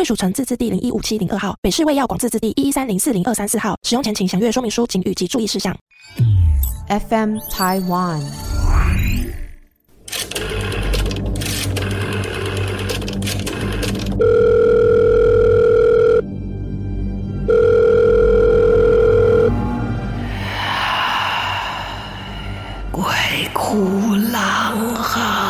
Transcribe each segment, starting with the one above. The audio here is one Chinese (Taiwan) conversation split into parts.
歸屬成自治第零一五七零二號，北市衛藥廣自治第一一三零四零二三四號。使用前請詳閱說明書、警語及注意事項。FM Taiwan。鬼哭狼嚎。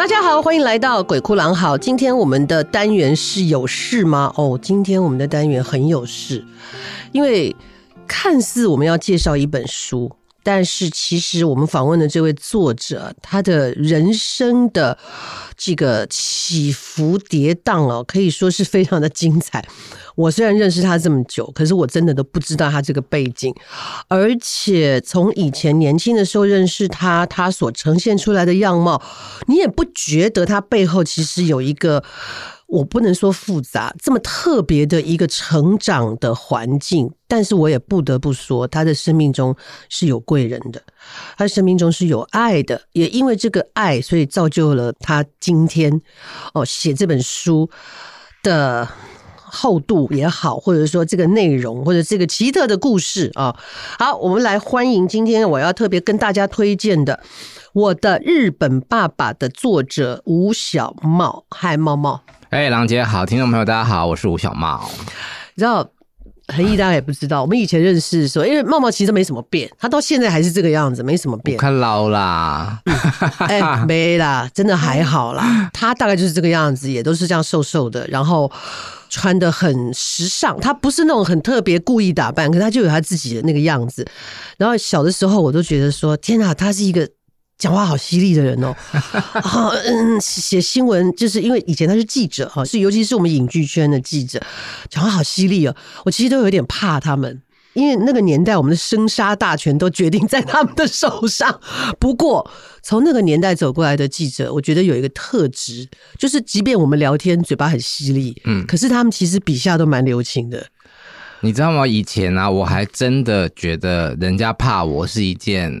大家好，歡迎來到《鬼哭狼嚎》，好。今天我們的單元是有事嗎？哦，今天我們的單元很有事，因為看似我們要介紹一本書。但是，其實我們訪問的這位作者，他的人生的這個起伏跌宕哦，可以說是非常的精彩。我雖然認識他這麼久，可是我真的都不知道他這個背景。而且從以前年輕的時候認識他，他所呈現出來的樣貌，你也不覺得他背後其實有一個。我不能說複雜，這麼特別的一個成長的環境，但是我也不得不說，他的生命中是有貴人的，他的生命中是有愛的，也因為這個愛，所以造就了他今天哦寫這本書的厚度也好，或者說這個內容或者這個奇特的故事啊、哦。好，我們來歡迎今天我要特別跟大家推薦的《我的日本爸爸》的作者吳小帽，嗨，帽帽。哎，郎、hey, 姐好聽眾朋友大家好，我是吳小帽。你知道恆毅，很大家也不知道。 我們以前認識的時候，因為帽帽其實沒什麼變，他到現在還是這個樣子，沒什麼變。看老啦，哎、 嗯欸，沒啦，真的還好啦。他大概就是這個樣子，也都是這樣瘦瘦的，然後穿的很時尚。他不是那種很特別故意打扮，可他就有他自己的那個樣子。然後小的時候，我都覺得說，天吶、啊，他是一個。講話好犀利的人哦，好，嗯，寫新聞就是因為以前他是記者哈，是尤其是我們影劇圈的記者，講話好犀利哦，我其實都有點怕他們，因為那個年代我們的生殺大權都決定在他們的手上。不過從那個年代走過來的記者，我覺得有一個特質，就是即便我們聊天嘴巴很犀利，嗯，可是他們其實筆下都蠻留情的。你知道嗎？以前啊，我還真的覺得人家怕我是一件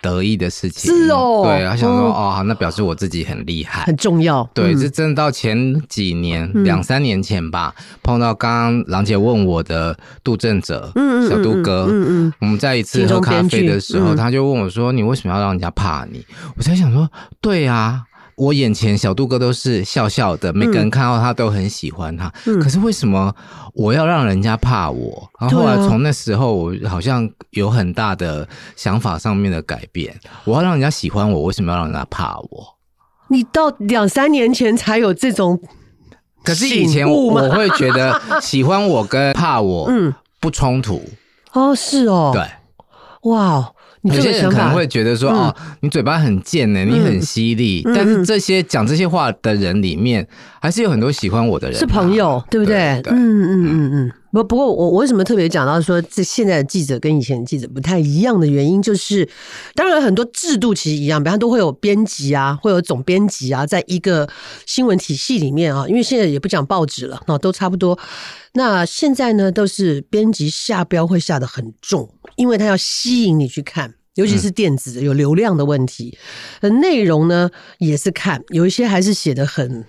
得意的事情。是哦，對，想說、嗯、哦，那表示我自己很厲害，很重要。嗯、對，這真的到前幾年兩三年前吧，嗯、碰到剛剛郎姐問我的杜正哲，嗯，小杜哥，嗯嗯，嗯嗯嗯我們在一次喝咖啡的時候，嗯、他就問我說：“你為什麼要讓人家怕你？”嗯、我才想說，對啊。我眼前小杜哥都是笑笑的，每個人看到他都很喜歡他。嗯、可是為什麼我要讓人家怕我？嗯、然後後來從那時候，我好像有很大的想法上面的改變。啊、我要讓人家喜歡我，我為什麼要讓人家怕我？你到兩三年前才有這種，可是以前我會覺得喜歡我跟怕我， 嗯，不衝突。哦，是哦，對，哇、wow 有些人可能會覺得說，嗯、哦，你嘴巴很賤呢，你很犀利。嗯、但是這些講這些話的人裡面，還是有很多喜歡我的人、啊，是朋友，對不對？嗯嗯嗯嗯。不對、嗯、不過，我我為什麼特別講到說，這現在的記者跟以前的記者不太一樣的原因，就是當然很多制度其實一樣，比方都會有編輯啊，會有總編輯啊，在一個新聞體系裡面啊，因為現在也不講報紙了，那都差不多。那現在呢，都是編輯下標會下得很重。因為他要吸引你去看，尤其是電子有流量的問題，嗯、內容呢也是看，有一些還是寫得很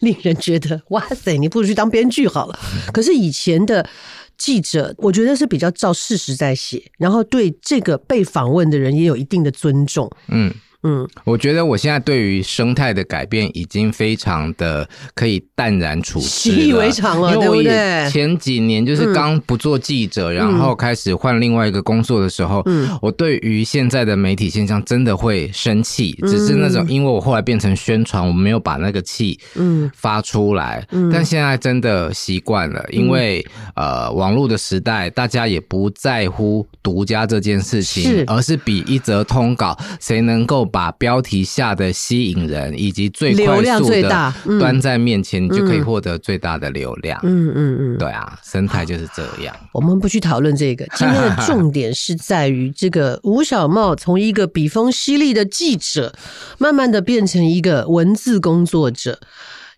令人覺得哇塞，你不如去當編劇好了。嗯、可是以前的記者，我覺得是比較照事實在寫，然後對這個被訪問的人也有一定的尊重。嗯。嗯，我覺得我現在對於生態的改變已經非常的可以淡然處之，習以為常了，對不對？前幾年就是剛不做記者，嗯、然後開始換另外一個工作的時候，嗯，我對於現在的媒體現象真的會生氣，嗯、只是那種因為我後來變成宣傳，我沒有把那個氣嗯發出來，嗯，但現在真的習慣了，嗯、因為、嗯、呃，網絡的時代，大家也不在乎獨家這件事情，是，而是比一則通稿誰能夠。把標題下的吸引人，以及最流量最大端在面前，就可以獲得最大的流量。嗯嗯嗯，對啊，生態就是這樣。 我們不去討論這個，今天的重點是在於這個吳小帽從一個筆鋒犀利的記者，慢慢的變成一個文字工作者，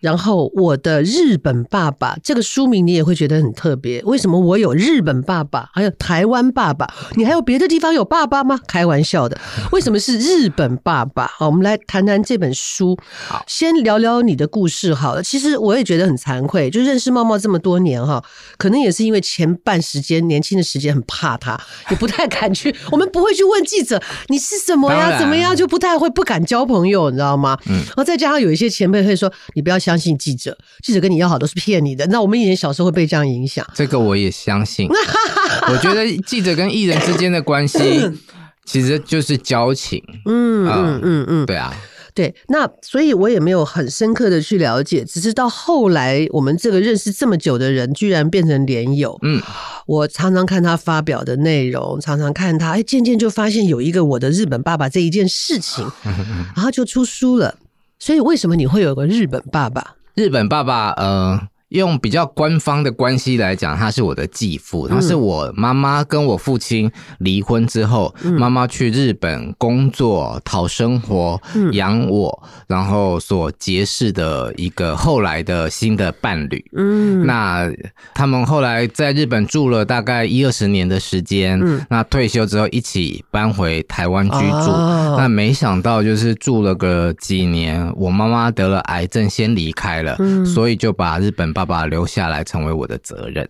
然後我的日本爸爸這個書名你也會覺得很特別，為什麼我有日本爸爸，還有台灣爸爸？你還有別的地方有爸爸嗎？開玩笑的，為什麼是日本爸爸？好，我們來談談這本書。好，先聊聊你的故事好了。其實我也覺得很慚愧，就認識帽帽這麼多年哈，可能也是因為前半時間年輕的時間很怕他，也不太敢去， 我們不會去問記者你是什麼呀，然怎麼樣，就不太會不敢交朋友，你知道嗎？嗯，然後再加上有一些前輩會說，你不要。相信記者，記者跟你要好都是騙你的。那我們以前小時候會被這樣影響，這個我也相信。 我覺得記者跟藝人之間的關係 其實就是交情。嗯嗯嗯嗯，嗯嗯對啊，對。那所以我也沒有很深刻的去了解，只是到後來我們這個認識這麼久的人，居然變成連友。嗯，我常常看他發表的內容，常常看他，哎，漸漸就發現有一個我的日本爸爸這一件事情， 然後就出書了。所以，為什麼你會有一個日本爸爸？日本爸爸，嗯、呃。用比較官方的關係來講，他是我的繼父，嗯、他是我媽媽跟我父親離婚之後，媽媽、嗯、去日本工作討生活，養、嗯、我，然後所結識的一個後來的新的伴侶。嗯，那他們後來在日本住了大概一二十年的時間。嗯、那退休之後一起搬回台灣居住。啊、那沒想到就是住了個幾年，我媽媽得了癌症先離開了。嗯、所以就把日本。爸爸留下來成為我的責任，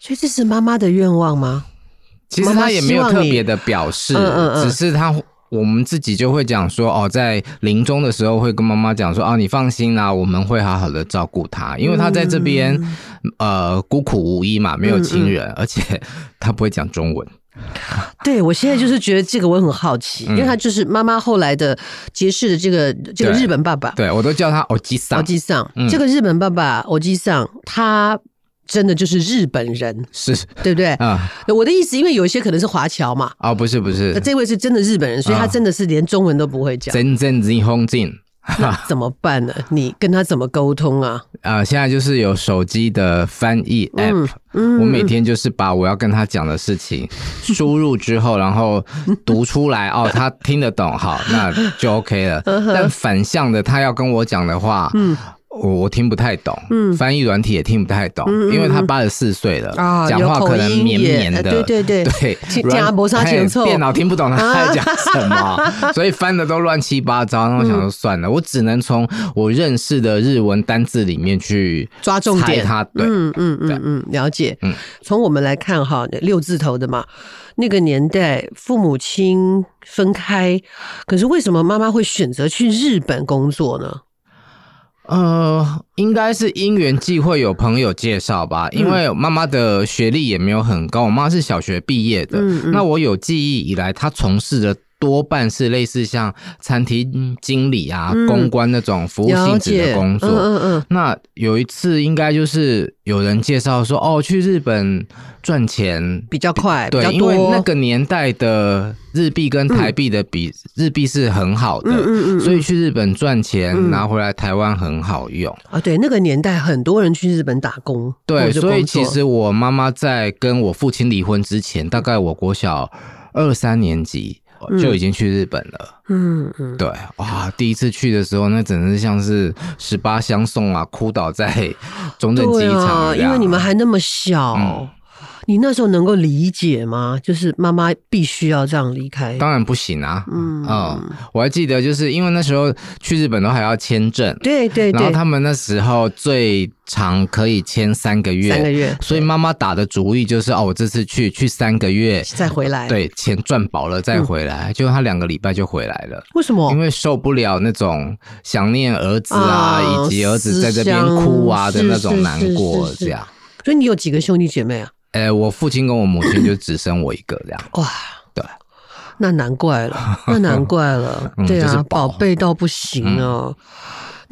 所以這是媽媽的願望嗎？其實他也沒有特別的表示，只是他我們自己就會講說哦，在臨終的時候會跟媽媽講說哦、啊，你放心啦、啊，我們會好好的照顧他，因為他在這邊呃孤苦無依嘛，沒有親人，而且他不會講中文。 對，我現在就是覺得這個我很好奇，因為他就是媽媽後來的結識的這個這個日本爸爸，對，對我都叫他歐吉桑。歐吉桑，嗯、這個日本爸爸歐吉桑，他真的就是日本人，是對不對？啊、嗯，我的意思，因為有些可能是華僑嘛。啊、哦，不是不是，那這位是真的日本人，所以他真的是連中文都不會講。哦 怎麼辦呢？你跟他怎麼溝通啊？啊、呃，現在就是有手機的翻譯 App，、嗯嗯嗯、我每天就是把我要跟他講的事情輸入之後， 然後讀出來 哦，他聽得懂，好，那就 OK 了。 但反向的，他要跟我講的話，嗯。我我聽不太懂，嗯，翻譯軟體也聽不太懂，因為他八十四歲了，啊，講話可能綿綿的，對對對，對，講阿伯沙也錯，電腦聽不懂他在講什麼，所以翻的都亂七八糟。那我想說算了，我只能從我認識的日文單字裡面去抓重點，他對，嗯嗯嗯嗯，了解。嗯，從我們來看哈，六字頭的嘛，那個年代父母親分開，可是為什麼媽媽會選擇去日本工作呢？呃，應該是因緣際會，有朋友介紹吧，因為媽媽的學歷也沒有很高，嗯、我媽是小學畢業的。嗯嗯、那我有記憶以來，她從事的。多半是類似像餐廳經理啊、嗯、公關那種服務性質的工作。嗯嗯。嗯嗯，那有一次，應該就是有人介紹說：“哦，去日本賺錢比較快。”對，因為那個年代的日幣跟台幣的比、嗯、日幣是很好的，嗯嗯，嗯，嗯所以去日本賺錢、嗯、拿回來台灣很好用啊。對，那個年代很多人去日本打工。對，所以其實我媽媽在跟我父親離婚之前，大概我國小二三年級。就已經去日本了嗯。嗯嗯，對哇，第一次去的時候，那真是像是十八相送啊，哭倒在中正機場。對啊，因為你們還那麼小。嗯你那時候能夠理解嗎？就是媽媽必須要這樣離開，當然不行啊！嗯，我還記得，就是因為那時候去日本都還要簽證，對對。然後他們那時候最長可以簽三個月，三個月，所以媽媽打的主意就是哦，我這次去去三個月再回來，對，錢賺飽了再回來。就她兩個禮拜就回來了，為什麼？因為受不了那種想念兒子啊，以及兒子在這邊哭啊的那種難過這樣。所以你有幾個兄弟姐妹啊？誒、欸、我父親跟我母親就只生我一個這樣。 哇，對，那難怪了，那難怪了， 嗯、對啊，這是寶，寶貝到不行啊。嗯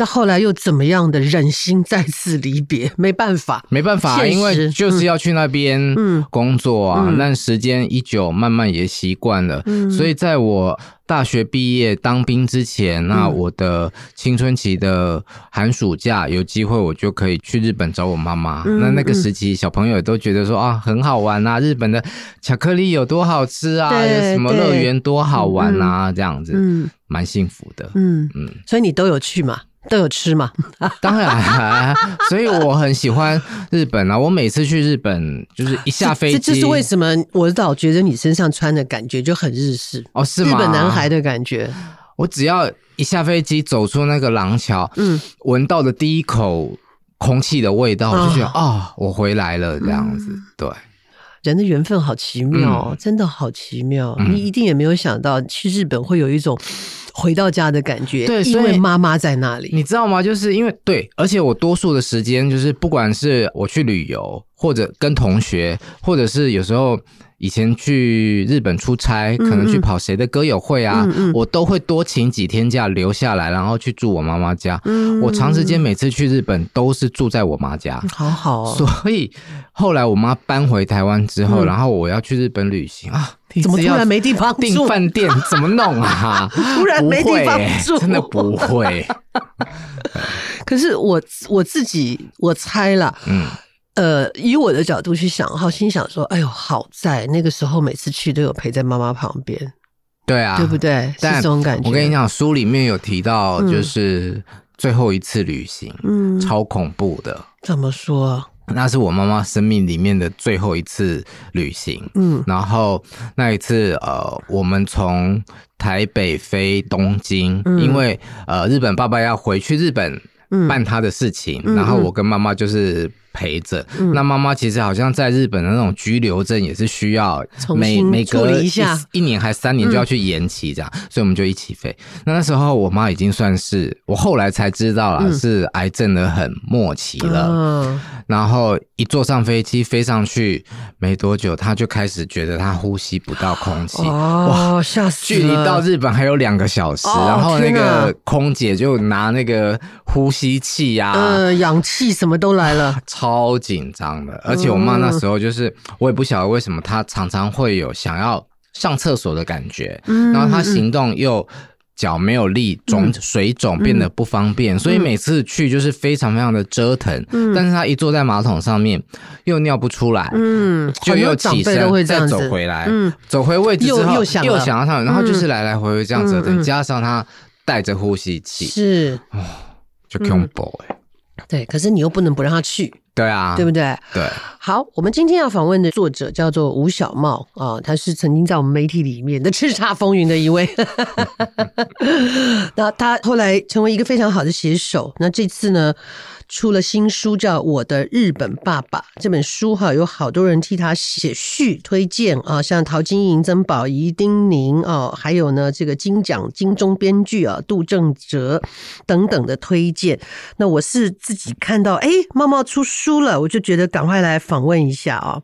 到後來又怎麼樣的？忍心再次離別，沒辦法，沒辦法，因為就是要去那邊工作啊。但時間一久，慢慢也習慣了。所以在我大學畢業當兵之前，那我的青春期的寒暑假有機會，我就可以去日本找我媽媽。那那個時期，小朋友都覺得說啊，很好玩啊，日本的巧克力有多好吃啊，有什麼樂園多好玩啊，這樣子，嗯，蠻幸福的，嗯嗯。所以你都有去嘛？都有吃嘛，當然、啊，所以我很喜歡日本啊！我每次去日本，就是一下飛機，這是為什麼我老覺得你身上穿的感覺就很日式哦，是嗎？日本男孩的感覺，我只要一下飛機走出那個廊橋，嗯，聞到的第一口空氣的味道，我就覺得啊、哦哦，我回來了這樣子，嗯、對。人的緣分好奇妙，嗯、真的好奇妙。嗯、你一定也沒有想到，去日本會有一種回到家的感覺，對，所以因為媽媽在那裡，你知道嗎？就是因為對，而且我多數的時間，就是不管是我去旅遊，或者跟同學，或者是有時候。以前去日本出差，可能去跑誰的歌友會啊，嗯嗯，我都會多請幾天假留下來，然後去住我媽媽家。嗯、我長時間每次去日本都是住在我媽家，嗯、好好、哦。所以後來我媽搬回台灣之後，嗯、然後我要去日本旅行啊，怎麼突然沒地方住？訂飯店怎麼弄啊？ 突然沒地方住、欸，真的不會。 可是我我自己我猜了，嗯。呃，以我的角度去想，好心想說，哎呦，好在那個時候每次去都有陪在媽媽旁邊，對啊，對不對？但是這種感覺。我跟你講，書裡面有提到，就是最後一次旅行，嗯，超恐怖的。怎麼說？那是我媽媽生命裡面的最後一次旅行，嗯，然後那一次，呃，我們從台北飛東京，嗯、因為呃，日本爸爸要回去日本辦他的事情，嗯、然後我跟媽媽就是。陪着，嗯、那媽媽，其實好像在日本的那種居留證也是需要每重新 每隔，一一，下一、一年還三年就要去延期這樣，嗯、所以我們就一起飛。那那時候我媽已經算是我後來才知道了，是癌症的很末期了。嗯呃，然後一坐上飛機飛上去沒多久，她就開始覺得她呼吸不到空氣，哦，哇嚇死了！距離到日本還有兩個小時，哦，然後那個空姐就拿那個呼吸器呀，啊呃、氧氣什麼都來了。啊超緊張的，而且我媽那時候就是，我也不曉得為什麼她常常會有想要上廁所的感覺，然後她行動又腳沒有力，腫，水腫變得不方便，所以每次去就是非常非常的折騰。嗯，但是她一坐在馬桶上面又尿不出來，嗯，就又起身再走回來，嗯，走回位置之後又想要上，然後就是來來回回這樣折騰，加上她帶着呼吸器，是哦，就很恐怖哎。對，可是你又不能不讓他去，對啊，對不對？對，好，我們今天要訪問的作者叫做吳小帽啊、呃，他是曾經在我們媒體裡面的叱吒風雲的一位，那他後來成為一個非常好的寫手，那這次呢？出了新書叫《我的日本爸爸》這本書哈，有好多人替他寫序推薦啊，像陶晶瑩、曾寶儀、丁寧啊，還有呢，這個金獎金鐘編劇啊，杜正哲等等的推薦。那我是自己看到哎，帽、欸、帽出書了，我就覺得趕快來訪問一下哦。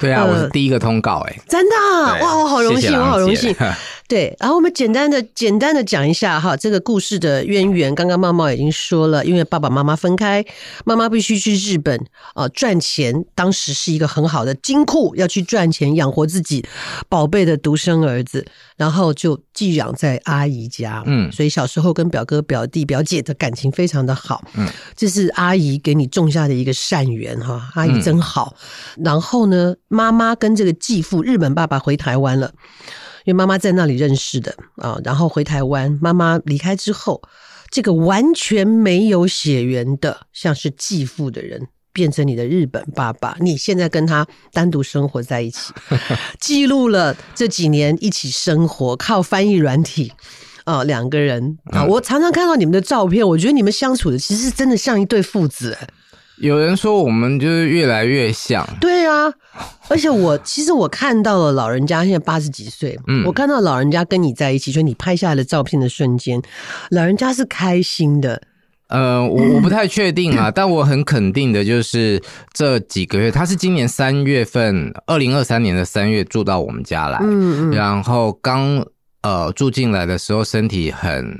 對啊，呃、我是第一個通告哎、欸，真的、啊啊、哇，我好榮幸，我好榮幸。 對，然後我們簡單的簡單的講一下哈，這個故事的淵源。剛剛帽帽已經說了，因為爸爸媽媽分開，媽媽必須去日本啊、呃、賺錢，當時是一個很好的金庫，要去賺錢養活自己寶貝的獨生兒子，然後就寄養在阿姨家。嗯，所以小時候跟表哥、表弟、表姐的感情非常的好。嗯，這是阿姨給你種下的一個善緣哈，阿姨真好。嗯、然後呢，媽媽跟這個繼父日本爸爸回台灣了。因為媽媽在那裡認識的啊，然後回臺灣，媽媽離開之後，這個完全沒有血緣的，像是繼父的人，變成你的日本爸爸。你現在跟他單獨生活在一起，記錄了這幾年一起生活，靠翻譯軟體啊，兩個人啊，我常常看到你們的照片，我覺得你們相處的其實是真的像一對父子欸。有人說我們就是越來越像，對啊，而且我其實我看到了老人家現在八十幾歲， 嗯，我看到老人家跟你在一起，就你拍下來的照片的瞬間，老人家是開心的。呃，我我不太確定啊， 但我很肯定的就是這幾個月，他是今年三月份，二零二三年的三月住到我們家來，嗯嗯，然後剛呃住進來的時候身體很。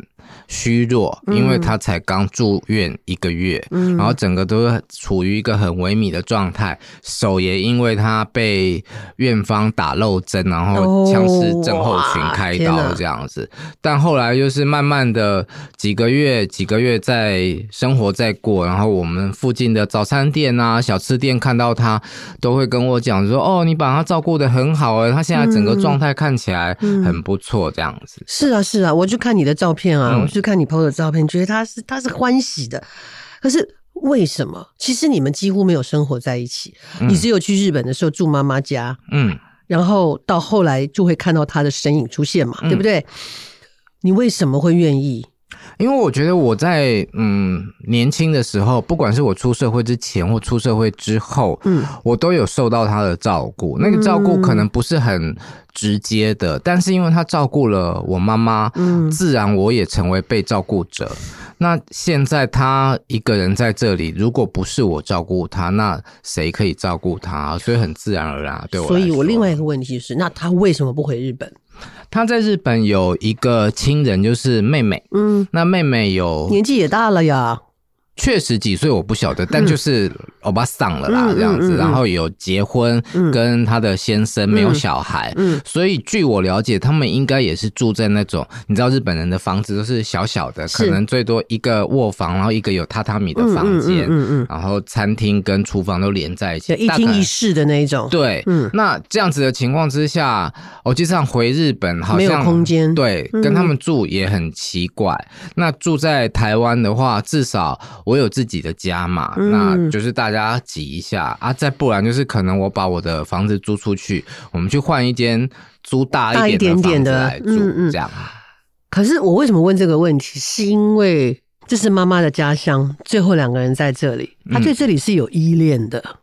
虛弱，因為他才剛住院一個月，嗯、然後整個都是處於一個很萎靡的狀態，嗯、手也因為他被院方打漏針，然後腔室症候群開刀、哦、這樣子。但後來就是慢慢的幾個月幾個月在生活在過，然後我們附近的早餐店啊小吃店看到他都會跟我講說，哦，你把他照顧得很好啊、欸，他現在整個狀態看起來很不錯、嗯、這樣子。是啊是啊，我就看你的照片啊。嗯我去看你朋友的照片，覺得他是他是歡喜的，可是為什麼？其實你們幾乎沒有生活在一起，你只有去日本的時候住媽媽家，嗯，然後到後來就會看到他的身影出現嘛，嗯、對不對？你為什麼會願意？因為我覺得我在嗯年輕的時候，不管是我出社會之前或出社會之後，嗯，我都有受到他的照顧。那個照顧可能不是很直接的，嗯，但是因為他照顧了我媽媽，嗯，自然我也成為被照顧者。那現在他一個人在這裡，如果不是我照顧他，那誰可以照顧他？所以很自然而然，對我來說。所以我另外一個問題是，那他為什麼不回日本？他在日本有一個親人，就是妹妹。嗯，那妹妹有年紀也大了呀。確實幾歲我不曉得，但就是我爸喪了啦，這樣子，然後有結婚，跟他的先生沒有小孩，所以據我了解，他們應該也是住在那種，你知道日本人的房子都是小小的，可能最多一個臥房，然後一個有榻榻米的房間，然後餐廳跟廚房都連在一起，一廳一室的那一種。對，那這樣子的情況之下，我就上回日本好像，沒有空間。對，跟他們住也很奇怪。那住在台灣的話，至少，我有自己的家嘛，那就是大家擠一下、嗯、啊，再不然就是可能我把我的房子租出去，我們去換一間租大一點點的來住，嗯嗯，這樣。可是我為什麼問這個問題，是因為這是媽媽的家鄉，最後兩個人在這裡，她對這裡是有依戀的。嗯、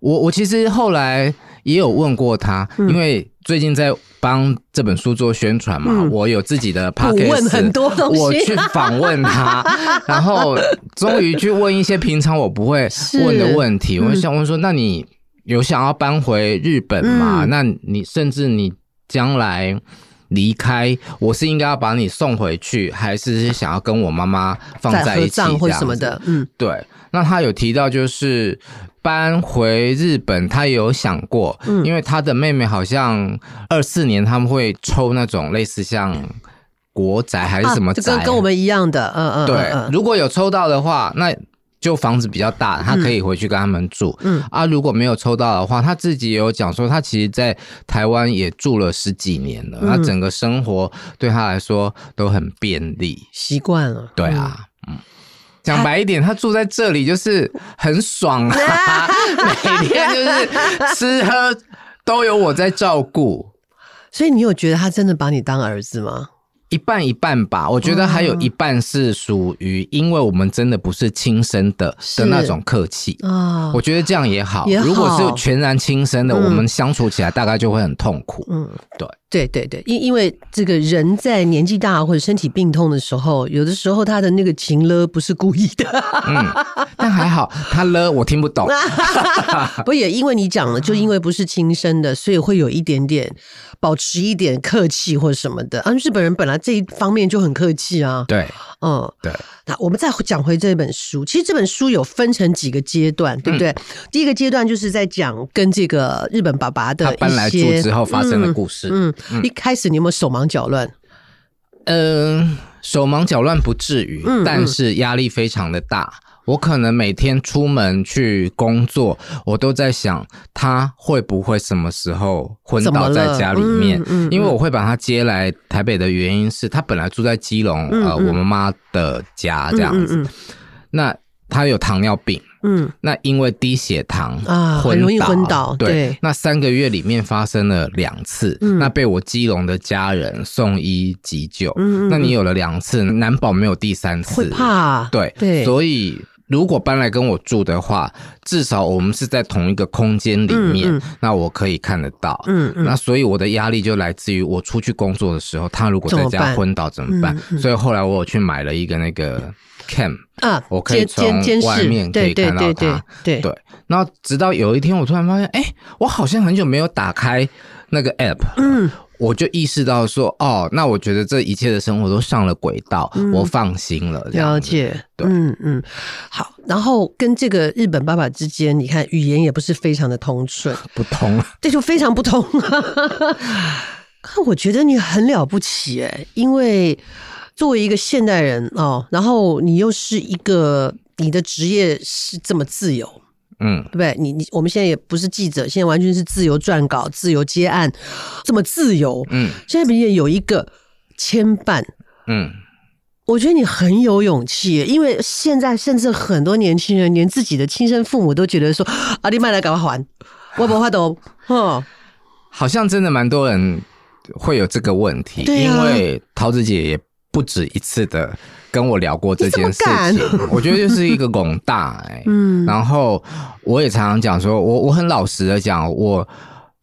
我我其實後來也有問過她，因為最近在。幫這本書做宣傳嘛？嗯、我有自己的 podcast，我去訪問他， 然後終於去問一些平常我不會問的問題。嗯、我想問說，那你有想要搬回日本嗎？嗯、那你甚至你將來離開，我是應該要把你送回去，還是想要跟我媽媽放在一起這樣，或者什麼的？嗯，對。那他有提到就是。搬回日本，他有想過，因為他的妹妹好像二四年他們會抽那種類似像國宅還是什麼宅，跟、啊、這個、跟我們一樣的，嗯對嗯，對。如果有抽到的話，那就房子比較大，他可以回去跟他們住。嗯，嗯啊，如果沒有抽到的話，他自己有講說，他其實，在台灣也住了十幾年了，嗯、他整個生活對他來說都很便利，習慣了。對啊，嗯。講白一點，他住在這裡就是很爽哈、啊、哈， 每天就是吃喝都有我在照顧，所以你有覺得他真的把你當兒子嗎？一半一半吧，我覺得還有一半是屬於，因為我們真的不是親生的的那種客氣。哦、我覺得這樣也好，也好，如果是全然親生的，嗯、我們相處起來大概就會很痛苦。嗯，對。對對對，因因為這個人在年紀大或者身體病痛的時候，有的時候他的那個情樂不是故意的， 嗯、但還好他樂我聽不懂， 不也因為你講了，就因為不是親生的，所以會有一點點保持一點客氣或什麼的。嗯、啊，日本人本來這一方面就很客氣啊。對，嗯，對。那我們再講回這本書，其實這本書有分成幾個階段，對不對？嗯、第一個階段就是在講跟這個日本爸爸的一些他搬來住之後發生的故事。嗯。嗯嗯，一開始你有沒有手忙腳亂？嗯，手忙腳亂不至於，嗯嗯，但是壓力非常的大。我可能每天出門去工作，我都在想他會不會什麼時候昏倒在家裡面。嗯嗯嗯，因為我會把他接來台北的原因是他本來住在基隆，嗯嗯呃，我媽媽的家這樣子。嗯嗯嗯嗯那他有糖尿病。嗯，那因為低血糖啊，很容易昏倒。對，那三個月裡面發生了兩次，那被我基隆的家人送醫急救。嗯，那你有了兩次，難保沒有第三次。會怕。對對。所以如果搬來跟我住的話，至少我們是在同一個空間裡面，那我可以看得到。嗯嗯。那所以我的壓力就來自於我出去工作的時候，他如果在家昏倒怎麼辦？所以後來我有去買了一個那個。看 Cam, 啊，我可以從外面可以看到他，啊、對對，對，對，對，對。然後直到有一天，我突然發現，哎，我好像很久沒有打開那個 app，嗯，我就意識到說，哦，那我覺得這一切的生活都上了軌道，嗯、我放心了。了解，對，嗯嗯。好，然後跟這個日本爸爸之間，你看語言也不是非常的通順，不通，這就非常不通。可 我覺得你很了不起，哎，因為。作為一個現代人哦，然後你又是一個，你的職業是這麼自由，嗯，對不對？你你我們現在也不是記者，現在完全是自由撰稿、自由接案，這麼自由，嗯。現在畢竟有一個牽絆，嗯。我覺得你很有勇氣，嗯、因為現在甚至很多年輕人連自己的親生父母都覺得說：“阿弟麥來趕快還，外婆快走。”哼，好像真的蠻多人會有這個問題，對啊、因為陶子姐也。不止一次的跟我聊過這件事情， 我覺得就是一個拱大，欸，嗯，然後我也常常講說，我我很老實的講，我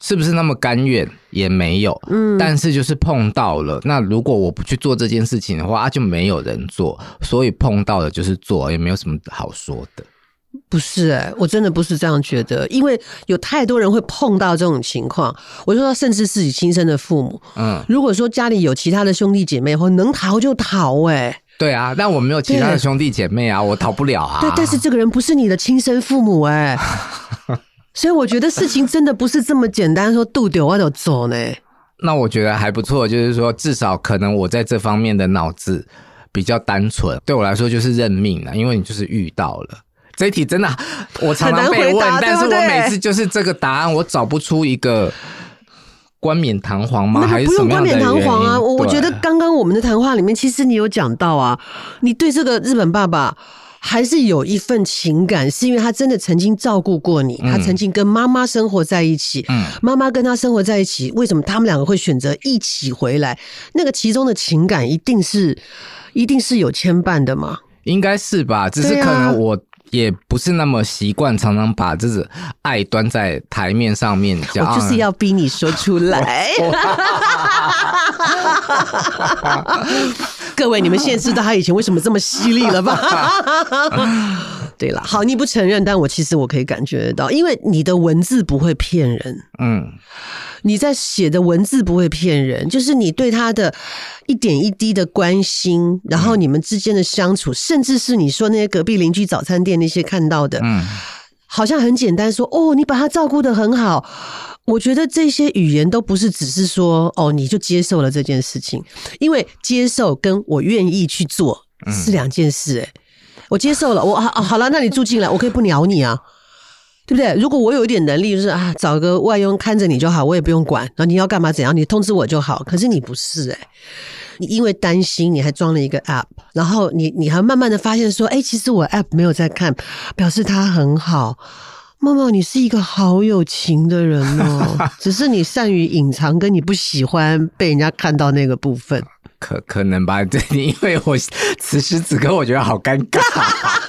是不是那麼甘願也沒有，嗯，但是就是碰到了，那如果我不去做這件事情的話，啊，就沒有人做，所以碰到了就是做，也沒有什麼好說的。不是哎、欸，我真的不是這樣覺得，因為有太多人會碰到這種情況。我就說，甚至是自己親生的父母，嗯，如果說家裡有其他的兄弟姐妹，或能逃就逃、欸，哎，對啊，但我沒有其他的兄弟姐妹啊，對我逃不了啊對。對，但是這個人不是你的親生父母哎、欸， 所以我覺得事情真的不是這麼簡單，說丟掉我就走呢。那我覺得還不錯，就是說至少可能我在這方面的腦子比較單純，對我來說就是認命了、啊，因為你就是遇到了。這題真的，我常常被問，很難回答，但是我每次就是這個答案，吧我找不出一個冠冕堂皇嗎？還是不用冠冕堂皇啊？我對我覺得剛剛我們的談話裡面，其實你有講到啊，你對這個日本爸爸還是有一份情感，是因為他真的曾經照顧過你，嗯、他曾經跟媽媽生活在一起，嗯，媽媽跟他生活在一起，為什麼他們兩個會選擇一起回來？那個其中的情感，一定是，一定是有牽絆的嘛？應該是吧？只是可能我、啊。也不是那麼習慣，常常把這種愛端在台面上面。嗯、我就是要逼你說出來。 各位，你們現在知道他以前為什麼這麼犀利了吧？ 對了，好，你不承認，但我其實我可以感覺得到，因為你的文字不會騙人。嗯，你在寫的文字不會騙人，就是你對他的一點一滴的關心，然後你們之間的相處，嗯、甚至是你說那些隔壁鄰居早餐店那些看到的，嗯，好像很簡單說，說哦，你把他照顧的很好。我覺得這些語言都不是只是說哦，你就接受了這件事情，因為接受跟我願意去做是兩件事、欸。哎、嗯，我接受了，我、啊、好好了，那你住進來，我可以不鳥你啊，對不對？如果我有一點能力，就是啊，找個外傭看着你就好，我也不用管。然後你要幹嘛怎樣，你通知我就好。可是你不是哎、欸，你因為擔心，你還裝了一個 app，然後你你還慢慢的發現說，哎、欸，其實我 app 沒有在看，表示他很好。茂茂，某某你是一個好有情的人哦、喔，只是你善於隱藏，跟你不喜歡被人家看到那個部分。可可能吧？對，因為我此時此刻我覺得好尷尬。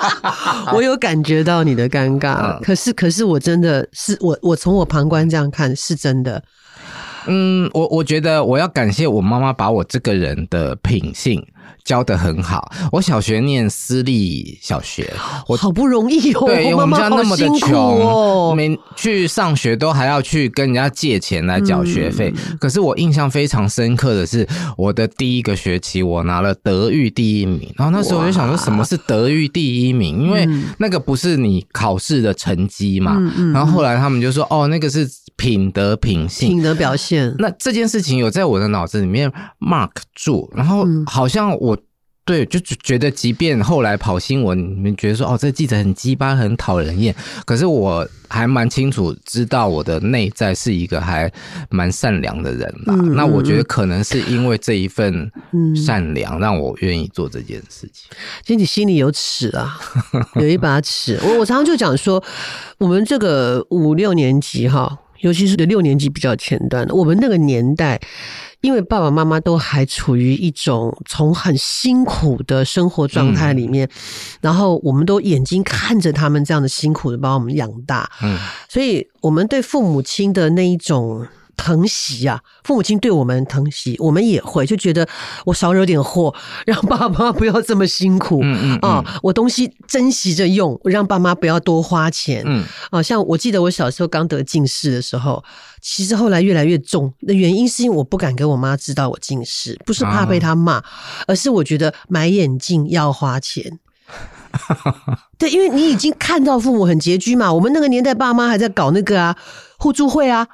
我有感覺到你的尷尬，啊、可是可是我真的是我我從我旁觀這樣看是真的。嗯，我我覺得我要感謝我媽媽把我這個人的品性，教的很好，我小學念私立小學，我好不容易哦。對，慢慢我們家那麼的窮，我們、哦、去上學都還要去跟人家借錢來繳學費。嗯、可是我印象非常深刻的是，我的第一個學期我拿了德育第一名，然後那時候我就想說，什麼是德育第一名？哇因為那個不是你考試的成績嘛。嗯、然後後來他們就說，嗯、哦，那個是。品德、品性，品德表現。那這件事情有在我的腦子裡面 mark 住，然後好像我、嗯、對，就覺得，即便後來跑新聞，你們覺得說哦，這個記者很雞巴，很討人厭。可是我還蠻清楚知道我的內在是一個還蠻善良的人吧。嗯、那我覺得可能是因為這一份善良，讓我願意做這件事情。其實你心裡有尺啊，有一把尺。 我我常常就講說，我們這個五六年級哈。尤其是六年級比較前段的，我們那個年代，因為爸爸媽媽都還處於一種從很辛苦的生活狀態裡面，嗯、然後我們都眼睛看着他們這樣的辛苦的把我們養大，嗯，所以我們對父母親的那一種。疼惜呀、啊，父母親對我們疼惜，我們也會就覺得我少惹點禍，讓爸爸媽媽不要這麼辛苦。嗯嗯啊、嗯哦，我東西珍惜着用，我讓爸媽不要多花錢。嗯，啊、哦，像我記得我小時候剛得近視的時候，其實後來越來越重，那原因是因為我不敢給我媽知道我近視，不是怕被她罵，啊、而是我覺得買眼鏡要花錢。哈哈哈！對，因為你已經看到父母很拮据嘛，我們那個年代爸媽還在搞那個啊互助會啊。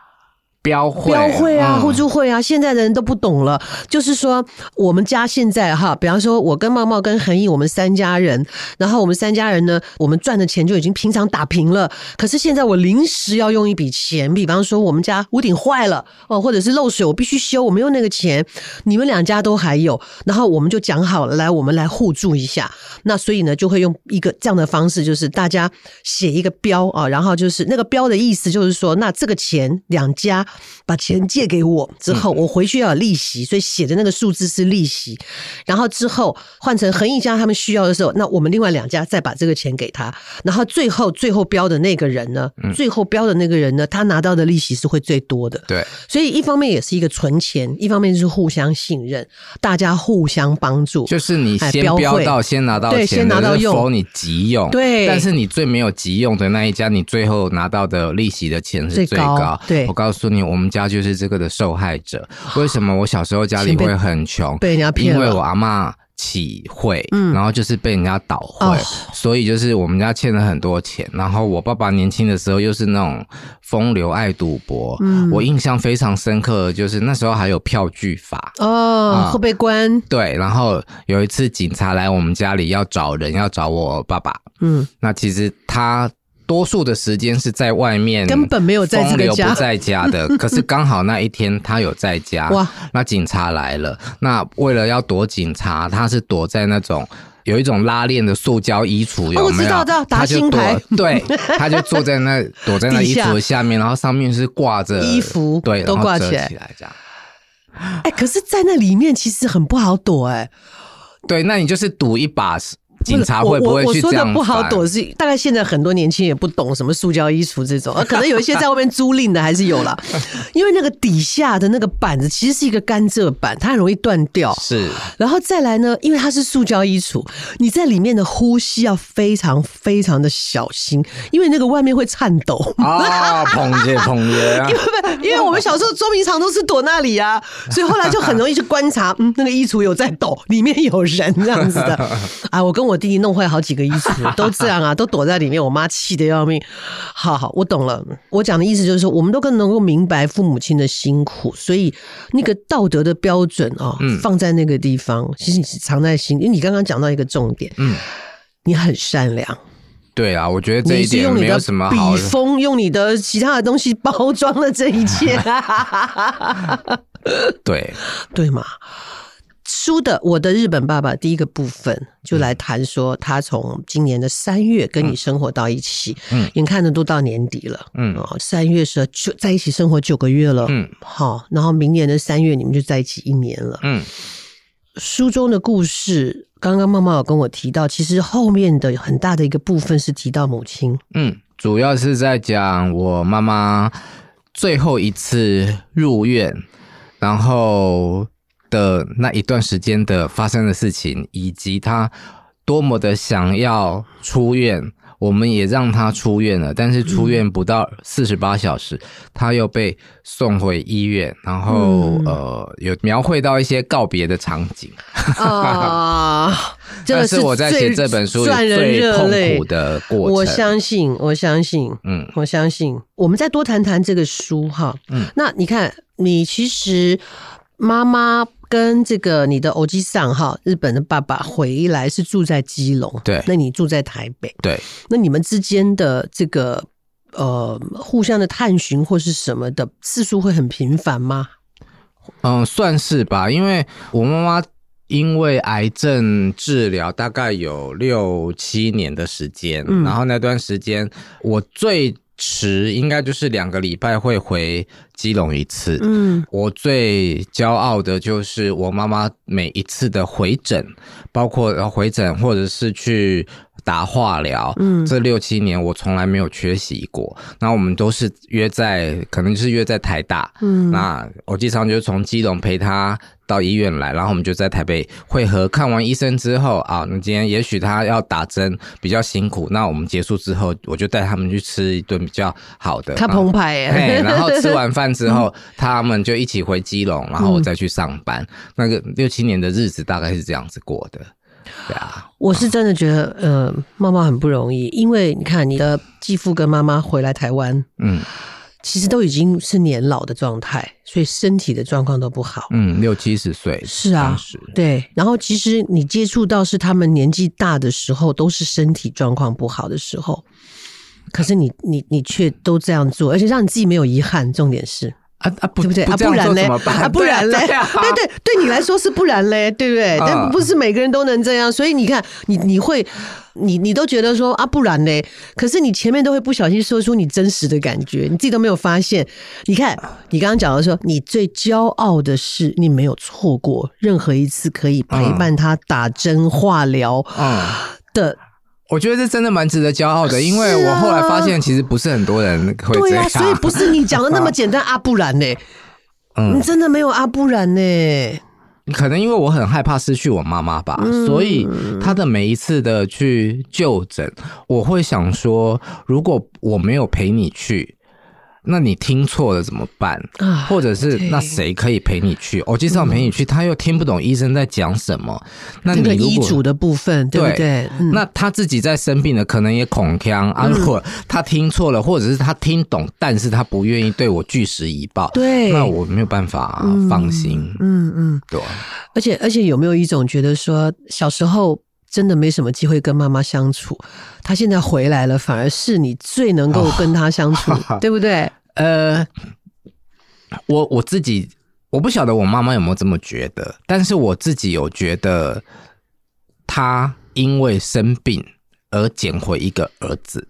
標會標會啊，互助會啊！現在的人都不懂了。嗯、就是說，我們家現在哈，比方說，我跟茂茂、跟恆毅，我們三家人，然後我們三家人呢，我們賺的錢就已經平常打平了。可是現在我臨時要用一筆錢，比方說，我們家屋頂壞了哦，或者是漏水，我必須修，我沒有那個錢，你們兩家都還有，然後我們就講好了，來，我們來互助一下。那所以呢，就會用一個這樣的方式，就是大家寫一個標啊，然後就是那個標的意思，就是說，那這個錢兩家，把錢借給我之後，我回去要有利息，嗯、所以寫的那個數字是利息。然後之後換成恆一家他們需要的時候，那我們另外兩家再把這個錢給他。然後最後最後標的那個人呢，嗯、最後標的那個人呢，他拿到的利息是會最多的。對，所以一方面也是一個存錢，一方面就是互相信任，大家互相幫助。就是你先標到，哎、標會，先拿到錢的，先拿到用你急用。對，但是你最沒有急用的那一家，你最後拿到的利息的錢是最高。最高對，我告訴你。我們家就是這個的受害者。為什麼我小時候家裡會很窮？被人家騙了。因為我阿嬤起會，然後就是被人家倒會，所以就是我們家欠了很多錢。然後我爸爸年輕的時候又是那種風流愛賭博。嗯，我印象非常深刻，就是那時候還有票據法哦，會被關。對。然後有一次警察來我們家裡要找人，要找我爸爸。嗯，那其實他。多數的時間是在外面，根本沒有在一個家，風流不在家的。 可是剛好那一天他有在家，哇！ 那警察來了，那為了要躲警察，他是躲在那種有一種拉鏈的塑膠衣櫥，有沒有、哦、知道的他就躲，對，他就坐在那，躲在那衣櫥下面， 下然後上面是掛着衣服，對，都掛起來這樣。哎、欸，可是，在那裡面其實很不好躲、欸，哎，對，那你就是賭一把。警察會不會去不我，我說的不好躲是大概現在很多年輕人也不懂什麼塑膠衣櫥這種，可能有一些在外面租賃的還是有了。 因為那個底下的那個板子其實是一個甘蔗板，它很容易斷掉。是，然後再來呢，因為它是塑膠衣櫥，你在裡面的呼吸要非常非常的小心，因為那個外面會顫抖。啊，捧爺捧爺！因為因為我們小時候捉迷藏都是躲那裡啊，所以後來就很容易去觀察， 嗯，那個衣櫥有在抖，裡面有人這樣子的。啊，我跟。我弟弟弄壞好幾個衣服，都這樣啊，都躲在裡面。我媽氣得要命。好好，我懂了。我講的意思就是說，我們都更能夠明白父母親的辛苦，所以那個道德的標準啊、哦，放在那個地方，嗯、其實你是藏在心裡。因為你剛剛講到一個重點，嗯，你很善良。對啊，我覺得這一點沒有什麼好。你是用你的筆鋒用,用你的其他的東西包裝了這一切。 對對嘛。書的我的日本爸爸第一個部分就來談說，他從今年的三月跟你生活到一起，嗯，眼看著，嗯，都到年底了，嗯，三月是就在一起生活九個月了，嗯，好，然後明年的三月你們就在一起一年了，嗯，書中的故事，剛剛媽媽有跟我提到，其實後面的很大的一個部分是提到母親，嗯，主要是在講我媽媽最後一次入院，嗯、然後。的那一段時間的發生的事情，以及他多麼的想要出院，我們也讓他出院了，但是出院不到四十八小時，嗯、他又被送回醫院，然後、嗯、呃，有描繪到一些告別的場景啊，這 的是，是我在寫這本書最痛苦的過程、啊的，我相信，我相信，嗯，我相信，我們再多談談這個書哈，嗯，那你看，你其實。媽媽跟這個你的歐吉桑哈，日本的爸爸回來是住在基隆，對，那你住在台北，對，那你們之間的這個呃，互相的探尋或是什麼的次數會很頻繁嗎？嗯，算是吧，因為我媽媽因為癌症治療大概有六七年的時間，嗯、然後那段時間我最。時應該就是兩個禮拜會回基隆一次。嗯，我最驕傲的就是我媽媽每一次的回診，包括回診或者是去打化療，嗯，這六七年我從來沒有缺席過。那我們都是約在，可能就是約在台大。嗯，那我經常就從基隆陪她，到醫院來，然後我們就在台北會合。看完醫生之後啊，那今天也許他要打針，比較辛苦。那我們結束之後，我就帶他們去吃一頓比較好的。他澎湃，哎、嗯，然後吃完飯之後，嗯、他們就一起回基隆，然後我再去上班。嗯、那個六七年的日子大概是這樣子過的。對啊，嗯、我是真的覺得，嗯、呃，媽媽很不容易，因為你看你的繼父跟媽媽回來台灣，嗯。其實都已經是年老的狀態，所以身體的狀況都不好。嗯，六七十歲，是啊，當時，對。然後其實你接觸到是他們年紀大的時候，都是身體狀況不好的時候。可是你你你卻都這樣做，而且讓你自己沒有遺憾。重點是。啊，不對不對，不然呢？不然嘞，啊，不然呢？啊對，啊對，啊、對對，對你來說是不然嘞，對不對？嗯、但不是每個人都能這樣，所以你看，你你會，你你都覺得說啊，不然嘞？可是你前面都會不小心說出你真實的感覺，你自己都沒有發現。你看，你剛剛講的說，你最驕傲的是你沒有錯過任何一次可以陪伴他打針化療啊的、嗯。嗯我覺得這真的蠻值得驕傲的，因為我後來發現其實不是很多人會這樣、啊。對啊，所以不是你講的那麼簡單。阿、 啊、不然呢、欸？嗯，你真的沒有阿、啊、不然呢、欸。可能因為我很害怕失去我媽媽吧，嗯、所以她的每一次的去就診，我會想說，如果我沒有陪你去。那你聽錯了怎麼辦？或者是那誰可以陪你去？我介紹陪你去，他又聽不懂醫生在講什麼。那你的醫囑的部分對不對？那他自己在生病的可能也恐慌啊，如果他聽錯了，或者是他聽懂，但是他不願意對我據實以報。對，那我沒有辦法放心。嗯嗯，對。而且而且有沒有一種覺得說小時候？真的沒什麼機會跟媽媽相處，她現在回來了，反而是你最能夠跟她相處，哦、對不對？呃，我我自己我不曉得我媽媽有沒有這麼覺得，但是我自己有覺得，她因為生病而撿回一個兒子。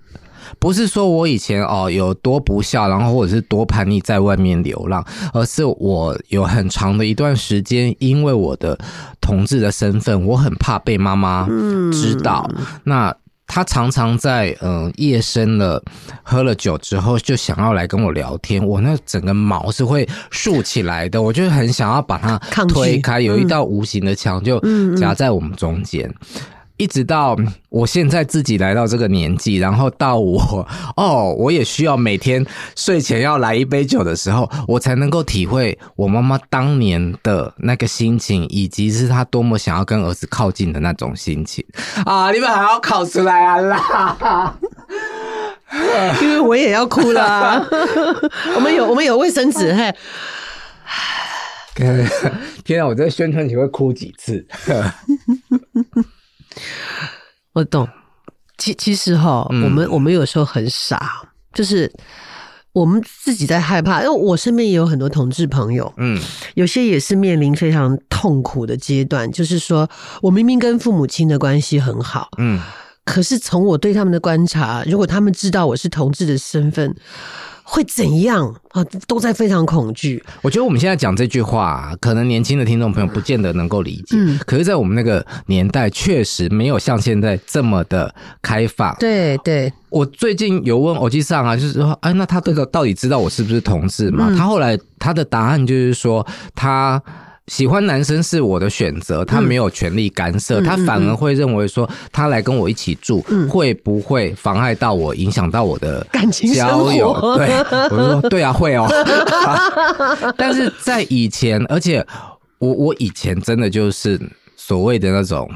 不是說我以前哦有多不孝，然後或者是多叛逆，在外面流浪，而是我有很長的一段時間，因為我的同志的身份，我很怕被媽媽知道。嗯、那他常常在嗯、呃、夜深了喝了酒之後，就想要來跟我聊天，我那整個毛是會豎起來的，我就很想要把它推開，嗯、有一道無形的牆就夾在我們中間。嗯嗯嗯一直到我現在自己來到這個年紀，然後到我哦，我也需要每天睡前要來一杯酒的時候，我才能夠體會我媽媽當年的那個心情，以及是她多麼想要跟兒子靠近的那種心情啊！你們還好要考出來啊啦？ 因為我也要哭了、啊 我。我們有我們有衛生紙嘿。 天啊！我在宣傳時會哭幾次。 我懂，其其實哈，嗯、我們我們有時候很傻，就是我們自己在害怕。因為我身邊也有很多同志朋友，嗯，有些也是面臨非常痛苦的階段，就是說我明明跟父母親的關係很好，嗯，可是從我對他們的觀察，如果他們知道我是同志的身份。會怎樣啊？都在非常恐懼。我覺得我們現在講這句話啊，可能年輕的聽眾朋友不見得能夠理解。嗯，可是，在我們那個年代，確實沒有像現在這麼的開放。對對，對，我最近有問歐吉桑啊，就是說，哎，那他這個到底知道我是不是同志嗎？嗯，他後來他的答案就是說，他。喜歡男生是我的選擇，他沒有權利干涉，嗯、他反而會認為說他來跟我一起住，嗯、會不會妨礙到我，影響到我的感情交友？對，我說 對啊，會哦。 但是在以前，而且我我以前真的就是所謂的那種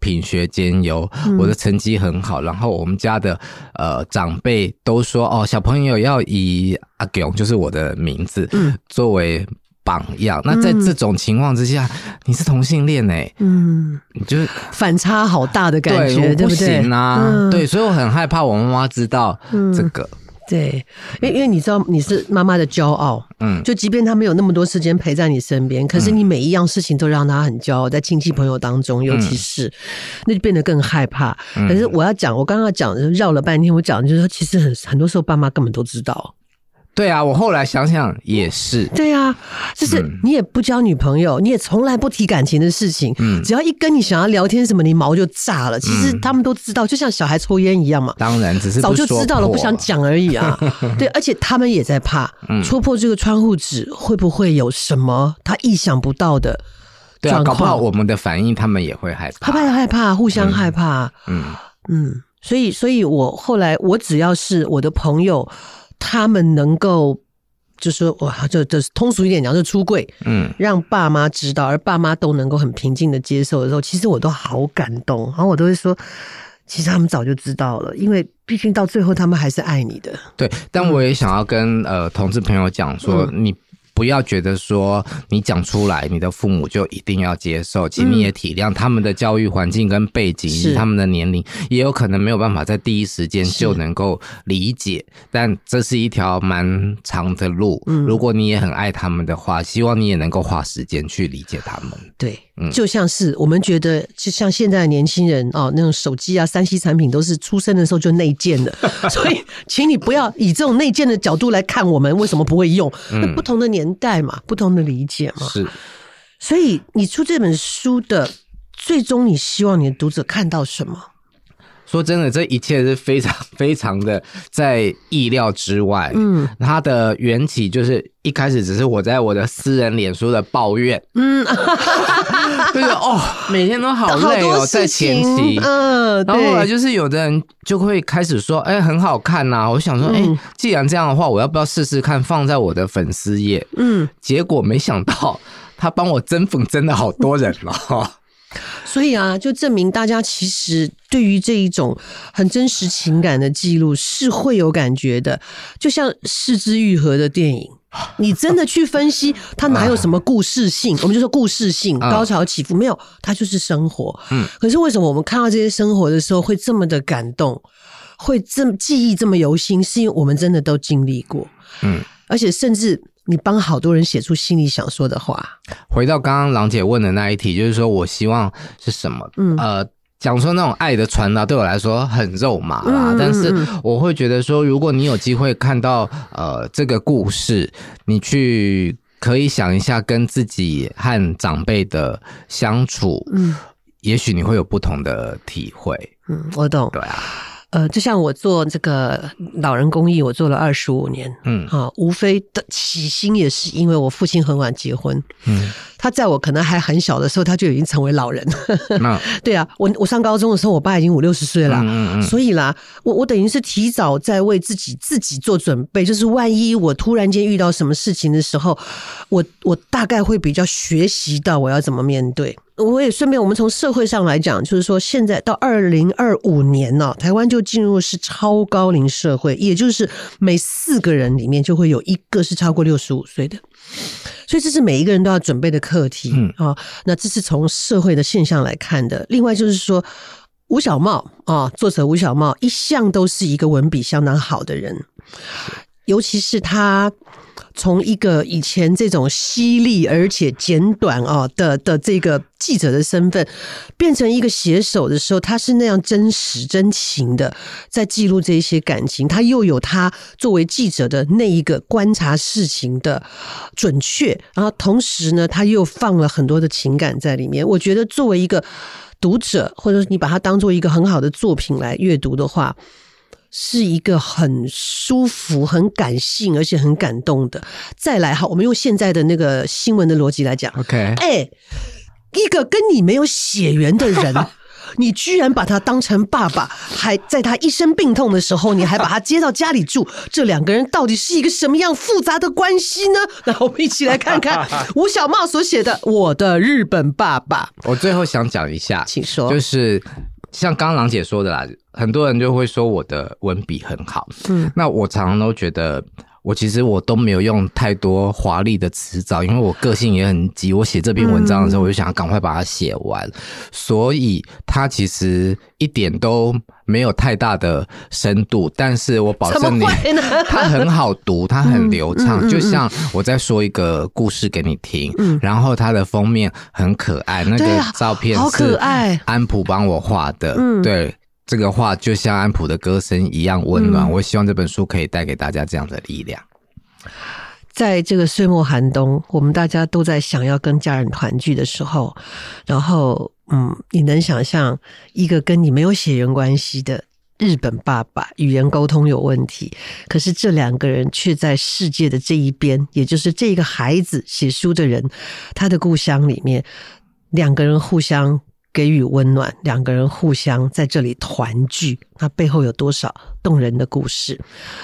品學兼優，嗯、我的成績很好，然後我們家的呃長輩都說哦，小朋友要以阿勇就是我的名字，嗯、作為。榜樣。那在這種情況之下，嗯、你是同性戀哎、欸，嗯，你就是反差好大的感覺，對不對？不啊嗯、對，所以我很害怕我媽媽知道這個。嗯、對，因因為你知道你是媽媽的驕傲，嗯，就即便他沒有那麼多時間陪在你身邊，嗯、可是你每一樣事情都讓他很驕傲，在親戚朋友當中，尤其是、嗯、那就變得更害怕。嗯、可是我要講，我剛剛講繞了半天，我講就是說，其實很很多時候爸媽根本都知道。對啊，我後來想想也是。對啊，就是你也不交女朋友，嗯、你也從來不提感情的事情。嗯，只要一跟你想要聊天什麼，你毛就炸了。其實他們都知道，嗯、就像小孩抽菸一樣嘛。當然，只是早就知道了，不想講而已啊。 對，而且他們也在怕，嗯、戳破這個窗戶紙會不會有什麼他意想不到的。對啊，搞不好我們的反應，他們也會害怕，他怕害怕，互相害怕。嗯嗯，嗯，所以所以我後來，我只要是我的朋友。他們能夠，就是說哇，就就通俗一點講，然後，就出櫃，嗯，讓爸媽知道，而爸媽都能夠很平靜的接受的時候，其實我都好感動，然、啊、後我都會說，其實他們早就知道了，因為畢竟到最後他們還是愛你的。對，但我也想要跟、嗯、呃同志朋友講說、嗯、你。不要覺得說你講出來，你的父母就一定要接受。請你也體諒他們的教育環境跟背景，嗯、他們的年齡也有可能沒有辦法在第一時間就能夠理解。是但這是一條蠻長的路。嗯、如果你也很愛他們的話，希望你也能夠花時間去理解他們。對，嗯、就像是我們覺得，就像現在的年輕人啊、哦，那種手機啊、三 C 產品都是出生的時候就內建的， 所以，請你不要以這種內建的角度來看我們為什麼不會用。嗯、那不同的年。年代嘛，不同的理解嘛，是。所以你出這本書的最終，你希望你的讀者看到什麼？說真的，這一切是非常非常的在意料之外。嗯，它的緣起就是一開始只是我在我的私人臉書的抱怨。嗯， 就是哦，每天都好累哦，在前期，嗯，對，然後呢，就是有的人就會開始說，哎，很好看吶、啊。我想說，哎，既然這樣的話，我要不要試試看放在我的粉絲頁？嗯，結果沒想到他幫我增粉真的好多人了。所以啊，就證明大家其實對於這一種很真實情感的記錄是會有感覺的，就像《是枝裕和》的電影，你真的去分析它哪有什麼故事性？我們就說故事性、高潮起伏沒有，它就是生活。嗯，可是為什麼我們看到這些生活的時候會這麼的感動，會這麼記憶這麼猶新？是因為我們真的都經歷過。嗯，而且甚至。你幫好多人寫出心裡想說的話。回到剛剛郎姐問的那一題，就是說我希望是什麼？嗯，呃，講說那種愛的傳達對我來說很肉麻啦，嗯嗯嗯，但是我會覺得說，如果你有機會看到呃這個故事，你去可以想一下跟自己和長輩的相處，嗯，也許你會有不同的體會。嗯，我懂。對啊。呃，就像我做這個老人公益，我做了二十五年，嗯，啊，無非的起心也是因為我父親很晚結婚，嗯。他在我可能還很小的時候，他就已經成為老人。 對啊，我我上高中的時候，我爸已經五六十歲了。嗯嗯嗯。所以啦，我我等於是提早在為自己自己做準備，就是萬一我突然間遇到什麼事情的時候，我我大概會比較學習到我要怎麼面對。我也順便我們從社會上來講，就是說現在到二零二五年呢，哦，台灣就進入是超高齡社會，也就是每四個人裡面就會有一個是超過六十五歲的。所以這是每一個人都要準備的課題啊、嗯哦。那這是從社會的現象來看的。另外就是說，吳小帽啊、哦，作者吳小帽一向都是一個文筆相當好的人，尤其是他。從一個以前這種犀利而且簡短哦的的這個記者的身份，變成一個寫手的時候，他是那樣真實真情的在記錄這些感情，他又有他作為記者的那一個觀察事情的準確，然後同時呢，他又放了很多的情感在裡面。我覺得作為一個讀者，或者你把它當做一個很好的作品來閱讀的話。是一個很舒服、很感性，而且很感動的。再來，哈，我們用現在的那個新聞的邏輯來講。OK，哎、欸，一個跟你沒有血緣的人， 你居然把他當成爸爸，還在他一身病痛的時候，你還把他接到家裡住。 這兩個人到底是一個什麼樣複雜的關係呢？那我們一起來看看 吳小帽所寫的《我的日本爸爸》。我最後想講一下，請說，就是。像剛剛郎姐說的啦，很多人就會說我的文筆很好。嗯、是，那我常常都覺得。我其實我都沒有用太多華麗的詞藻，因為我個性也很急。我寫這篇文章的時候，我就想趕快把它寫完，嗯、所以它其實一點都沒有太大的深度。但是我保證你，它很好讀，它很流暢，嗯、就像我在說一個故事給你聽。嗯、然後它的封面很可愛，嗯、那個照片是安普幫我畫的，對，啊、對。這個話就像安溥的歌聲一樣溫暖。我希望這本書可以帶給大家這樣的力量。嗯，在這個歲末寒冬，我們大家都在想要跟家人團聚的時候，然後，嗯，你能想象一個跟你沒有血緣關係的日本爸爸，語言溝通有問題，可是這兩個人卻在世界的這一邊，也就是這個孩子寫書的人他的故鄉裡面，兩個人互相。給予溫暖，兩個人互相在這裡團聚。它背後有多少動人的故事？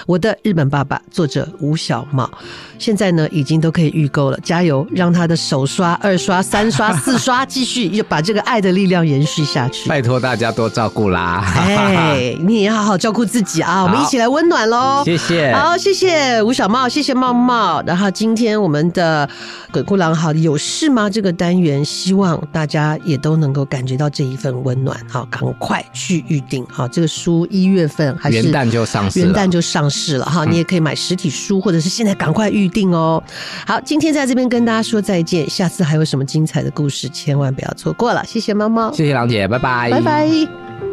我的日本爸爸，作者吳小帽，現在呢已經都可以預購了，加油！讓他的首刷、二刷、三刷、四刷，繼續又把這個愛的力量延續下去。拜托大家多照顧啦！哎，hey, 你也好好照顧自己啊！好我們一起來溫暖嘍！謝謝，好，謝謝吳小帽，謝謝帽帽。然後今天我們的鬼哭狼嚎有事嗎？這個單元希望大家也都能夠感覺到這一份溫暖。好，趕快去預定好，這個書。一月份還是元旦就上市，元旦就上市了哈，你也可以買實體書，嗯、或者是現在趕快預定哦。好，今天在這邊跟大家說再見，下次還有什麼精彩的故事，千萬不要錯過了。謝謝貓貓，謝謝郎姐，拜拜，拜拜。